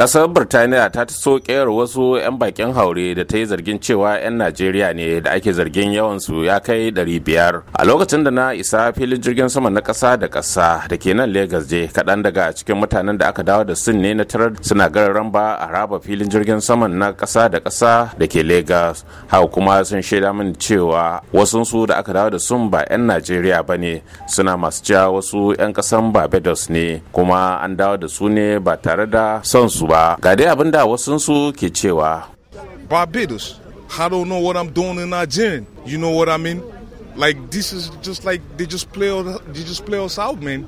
kasar birtaniya ta so kayar wasu 'yan bakin haure da ta yi zargin cewa 'yan najeriya ne da ake zargin yawansu ya kai 500 a lokacin da na isa filin jirgin sama na kasa da kasa da ke nan Legas je kaɗan daga cikin mutanen da aka dawo da sin ne na tarar suna gararan ba a raba filin jirgin sama na kasa da kasa da ke Legas. hau kuma sun shaida min cewa wasu da aka dawo da sun ba 'yan najeriya ba ne suna masu cewa wasu 'yan kasan barbados ne kuma an dawo da su ne ba tare da son su ba ga dai abin da wasu su ke cewa barbados i don't know what i'm doing in nigeria you know what i mean like this is just like they just play they just play us out man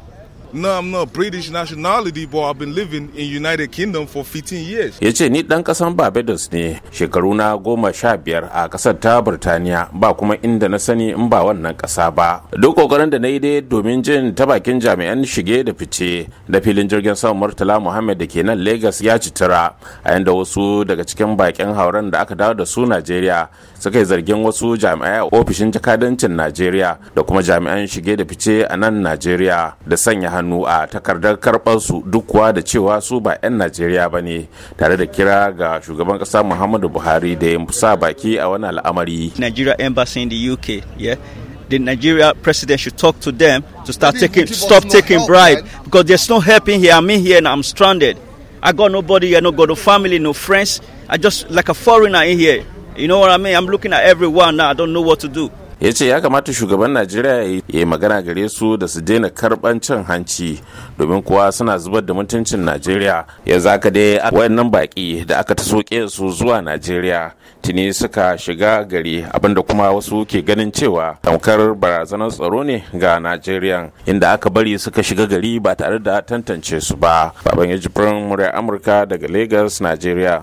No, I'm not British nationality, but I've been living in United Kingdom for 15 years. Ya ce ni dan ƙasan Barbados ne, shekaru na goma sha biyar a ƙasar ta Burtaniya ba kuma inda na sani in ba wannan ƙasa ba. Duk ƙoƙarin da na yi dai domin jin ta bakin jami'an shige da fice da filin jirgin sama Murtala Muhammad da ke nan Lagos ya citira a yanda wasu daga cikin bakin hauren da aka dawo da su Najeriya suka yi zargin wasu jami'ai ofishin jakadancin Najeriya da kuma jami'an shige da fice a nan Najeriya da sanya hannu hannu a takardar duk kuwa da cewa su ba 'yan najeriya ba ne tare da kira ga shugaban muhammadu buhari da ya sa baki a wani al'amari nigeria embassy in the uk yeah? the Nigeria president should talk to them to start taking, stop taking bribe because there's no help in here. I'm in here and I'm stranded. I got nobody. I no got no family, no friends. I just like a foreigner in here. You know what I mean? I'm looking at everyone now. I don't know what to do. ya ce ya kamata shugaban najeriya ya yi magana gare su da su daina karban cin hanci domin kuwa suna zubar da mutuncin najeriya ya zaka dai wayannan baki da aka ta soke su zuwa najeriya tuni suka shiga gari abinda kuma wasu ke ganin cewa tamkar barazanar tsaro ne ga najeriya inda aka bari suka shiga gari ba tare da tantance su ba baban ya jibrin murya amurka daga lagos najeriya